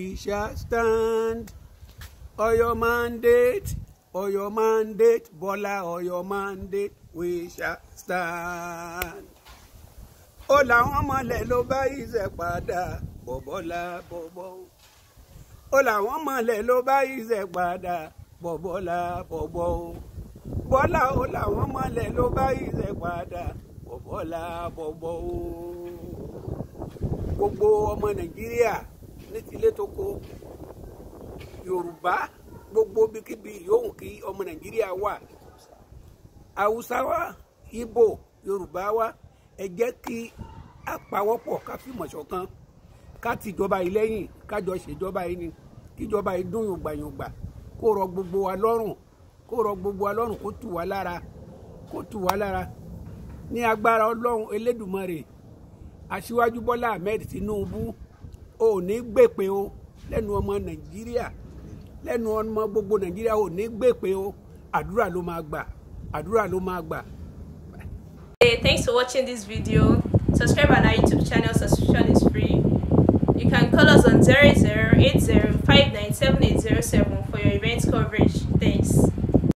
we shall stand. On your mandate, on your mandate, Bola, on your mandate, we shall stand. Ó làwọn mọ̀lẹ́ ló bá ìṣẹ̀ padà bọ̀bọ́lá bọ̀bọ́. Ó làwọn mọ̀lẹ́ ló bá ìṣẹ̀ padà bọ̀bọ́lá bọ̀bọ́. Bọ́lá ó làwọn mọ̀lẹ́ ló bá ìṣẹ̀ padà bọ̀bọ́lá bọ̀bọ́. Gbogbo ọmọ ní tilé tó kó yorùbá gbogbo bíkíbi yòówù kí ọmọ nàìjíríà wà haúsá wa ibo yorùbá wa ẹ jẹ́ kí a pawọ́pọ̀ ká fìmọ̀ ṣọ̀kan ká tìjọba yìí lẹ́yìn kájọ ṣèjọba yìí ni kíjọba yìí dún yòǹgbàyòǹgbà kó rọ gbogbo wa lọ́rùn kó rọ gbogbo wa lọ́rùn kó tù wá lára kó tù wá lára ní agbára ọlọ́run elédùmarè aṣíwájú bọ́lá ahmed tinubu ò ní gbèpin o lẹ́nu ọmọ nàìjíríà lẹ́nu ọmọ gbogbo nàìjíríà ò ní gbèpin o àdúrà ló máa gbà àdúrà ló máa gbà. Hey, thanks for watching this video. Subscribe on our YouTube channel, subscription is free. You can call us on zero zero zero zero eight eight five nine seven seven for your event coverage. Thanks.